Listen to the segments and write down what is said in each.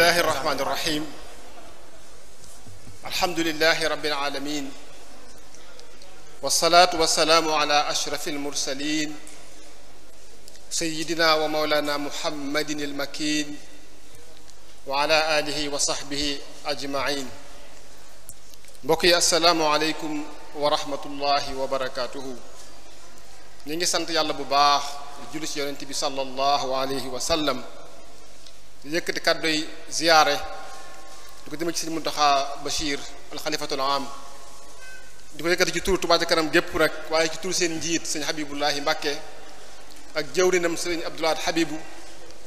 الله الرحمن الرحيم الحمد لله رب العالمين والصلاة والسلام على أشرف المرسلين سيدنا ومولانا محمد المكين وعلى آله وصحبه أجمعين بقي السلام عليكم ورحمة الله وبركاته نيجي سنت يالله بباخ جلس يونتبي صلى الله عليه وسلم di yëkkati kàddu yi ziyaare di ko jëme ci sëñ Muntaxa Bachir alxalifatul am di ko yëkkati ci turu Touba kanam gépp rek waaye ci turu seen njiit sëñ Habibullahi Mbàkke ak jëwrinam sëñ Abdoulaat Habibu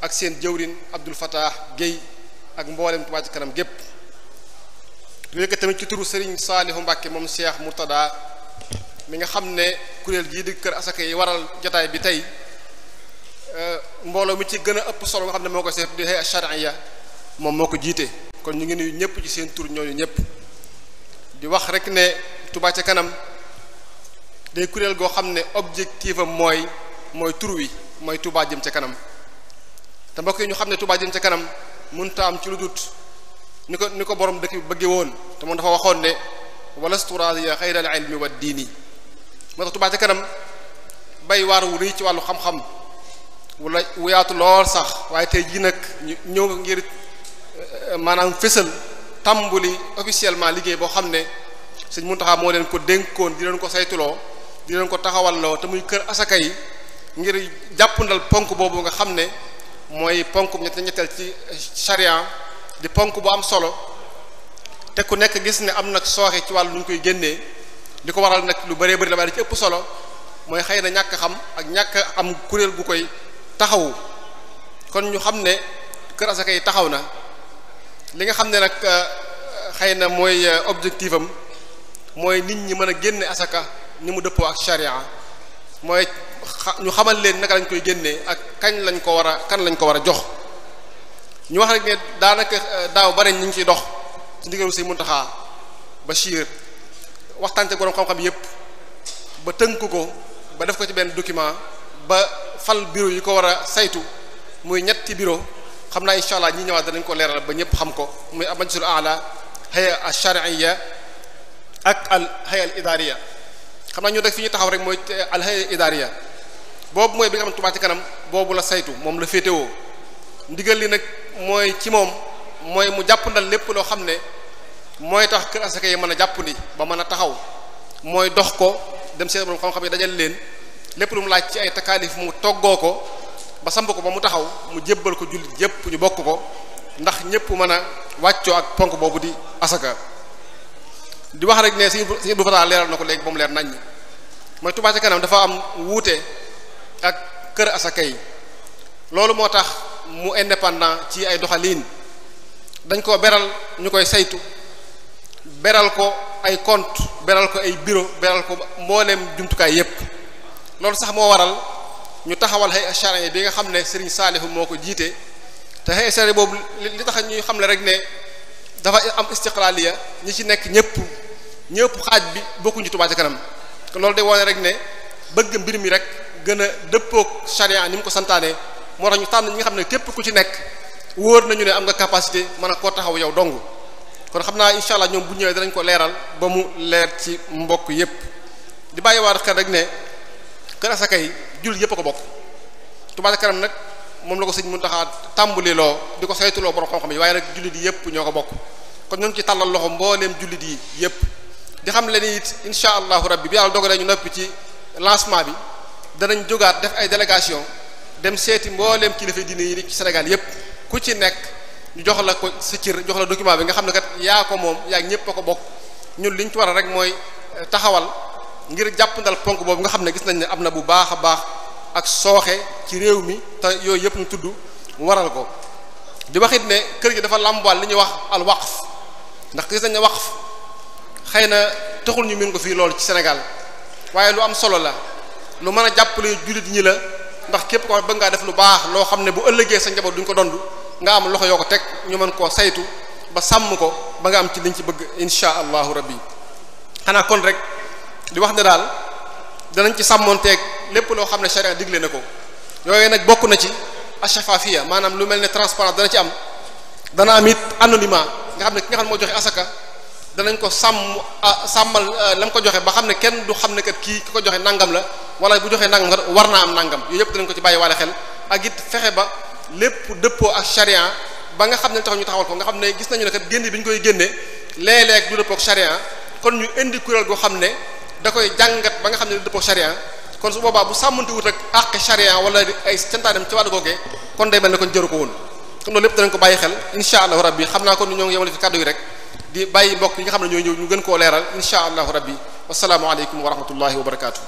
ak seen jëwrin Abdul Fatah Guèye ak mboolem Touba kanam gépp di ko yëkkati tamit ci turu sëriñ Saalihu Mbàkke moom Cheikh Murtada mi nga xam ne kuréel gii di kër asaka yi waral jataay bi tey Euh, mbooloo mi ci gën a ëpp solo nga xam ne moo ko seet di hay'a shar'iyya moom moo ko jiite kon ñu ngi nuyu ñëpp ci seen tur ñooñu ñëpp di wax rek ne Touba ca kanam day kuréel goo xam ne objectif am mooy mooy tur wi mooy Touba jëm ca kanam te mbokk yi ñu xam ne Touba jëm ca kanam mënta am ci lu dut ni ko ni ko borom dëkk bi bëggee woon te moom dafa waxoon ne walastu raadiya xayral ilmi wa diini moo tax Touba ca kanam bay waar wu rëy ci wàllu xam wala wu lool sax waaye tey jii nag ñu ñëw ngir eh, maanaam fésal tàmbuli officiellement liggéey boo xam ne sëñ Muntaxa moo leen ko dénkoon di leen ko saytuloo di leen ko taxawalloo te muy kër asaka yi ngir jàppandal ponk boobu nga xam ne mooy ponk ñett ñetteel ci charia di ponk bu am solo te ku nekk gis ne am nag sooxe ci wàllu ñu koy génnee li ko waral nag lu bëree bëri la waaye ci ëpp solo mooy xëy na ñàkk xam ak ñàkk am kuréel gu koy taxawu kon ñu xam ne kër asaka yi taxaw na li nga xam ne nag euh, xëy na mooy euh, objectif am mooy nit ñi mën a génne asaka ni mu dëppoo ak sharia mooy ñu xamal leen naka lañ koy génnee ak kañ lañ ko war a kan lañ ko war a jox ñu wax rek ne daanaka euh, daaw bare ñu ngi ciy dox ci ndigalu Sëriñ Muntaxa Bachir waxtaan ci borom xam-xam yépp ba tënk ko ba def ko ci benn document ba fal biro yi ko war a saytu muy ñetti biro xam naa incha allah ñi ñëwaat danañ ko leeral ba ñëpp xam ko muy al majlisul aala haya al shari'iyya ak al haya al idariya xam naa ñu def fi ñu taxaw rek mooy al haya al idariya boobu mooy bi nga xam Touba ci kanam boobu la saytu moom la féetewoo ndigal li nag mooy ci moom mooy mu jàppandal lépp loo xam ne mooy tax kër asaka yi mën a jàpp li ba mën a taxaw mooy dox ko dem seen borom xam-xam yi dajal leen lépp lu laaj ci ay takaalif mu toggoo ko ba samp ko ba mu taxaw mu jébbal ko jullit yépp ñu bokk ko ndax ñépp mën a wàccoo ak ponk boobu di asaka di wax rek ne si si bu fataa leeral na ko léegi ba mu leer naññ mooy Touba ca kanam dafa am wuute ak kër asaka yi loolu moo tax mu indépendant ci ay doxaliin dañ ko beral ñu koy saytu beral ko ay compte beral ko ay bureau beral ko mbooleem jumtukaay yépp loolu sax moo waral ñu taxawal xëy yi bi nga xam ne sëriñ saalihu moo ko jiite te xëy ashariya boobu li tax ñuy xam ne rek ne dafa am istiqlaaliya ñi ci nekk ñëpp ñëpp xaaj bi bokkuñu Touba ca kanam kon loolu day wone rek ne bëgg mbir mi rek gën a dëppoog charia ni mu ko santaane moo tax ñu tànn ñi nga xam ne képp ku ci nekk wóor nañu ne am nga capacité mën a koo taxaw yow dong kon xam naa incha allah ñoom bu ñëwee danañ ko leeral ba mu leer ci mbokk yépp di bàyyiwaat xel ne kër asaka yi jullit yëpp a ko bokk Touba ca kanam nag moom la ko sëñ Mountakha tàmbali loo di ko saytuloo borom xam-xam yi waaye nag jullit yi yëpp ñoo ko bokk kon ñoom ci tàllal loxo mbooleem jullit yi yëpp di xam le ni it incha allahu rabbi bi yàlla dogalee ñu noppi ci lancement bi danañ jogaat def ay délégation dem seeti mbooleem kilifa diine yi ci Sénégal yëpp ku ci nekk ñu jox la ko si cër jox la document bi nga xam ne kat yaa ko moom yaa ñëpp ko bokk ñun liñ ci war rek mooy taxawal ngir jàppandal ponk boobu nga xam ne gis nañ ne am na bu baax a baax ak sooxe ci réew mi te yooyu yëpp ñu tudd waral ko di waxit ne kër gi dafa làmbaal li ñuy wax al waqf ndax gis nañ ne waqf xëy na taxul ñu mën ko fii lool ci Sénégal waaye lu am solo la lu mën a jàppale jullit ñi la ndax képp ko bëgg ngaa def lu baax loo xam ne bu ëllëgee sa njaboot duñ ko dond nga am loxo yoo ko teg ñu mën koo saytu ba sàmm ko ba nga am ci liñ ci bëgg insha allahu di wax ne daal danañ ci sàmmoon sàmmonteeg lépp loo xam ne sharia digle na ko yooyu nag bokk na ci ashafafia maanaam lu mel ne transparence dana ci am dana am it anonymat nga xam ne ki nga xam ne moo joxe asaka danañ ko sàmm sàmmal euh, la mu ko joxe ba xam ne kenn du xam ne kat kii ki ko joxe nangam la wala bu joxee nangam kat war naa am nangam yooyu yëpp danañ ko ci bàyyi waale xel ak it fexe ba lépp dëppoo ak sharia ba nga xam ne tax ñu taxawal ko nga xam ne gis nañu ne kat génn bi ñu koy génne léeg-léeg du kon ñu indi kuréel goo xam ne da koy jàngat ba nga xam ne dëppoo charia kon su boobaa bu sàmmanti wut ak àq charia wala ay cantaanam ci wàllu googee kon day mel ne kon jëru ko woon kon loolu lépp danañ ko bàyyi xel insha allahu yi xam naa ko kon ñoo ngi yemale fi kàddu yi rek di bàyyi mbokk yi nga xam ne ñooy ñëw ñu gën koo leeral insha allahu rabbi wasalaamu aleykum wa rahmatullahi wa barakaatu.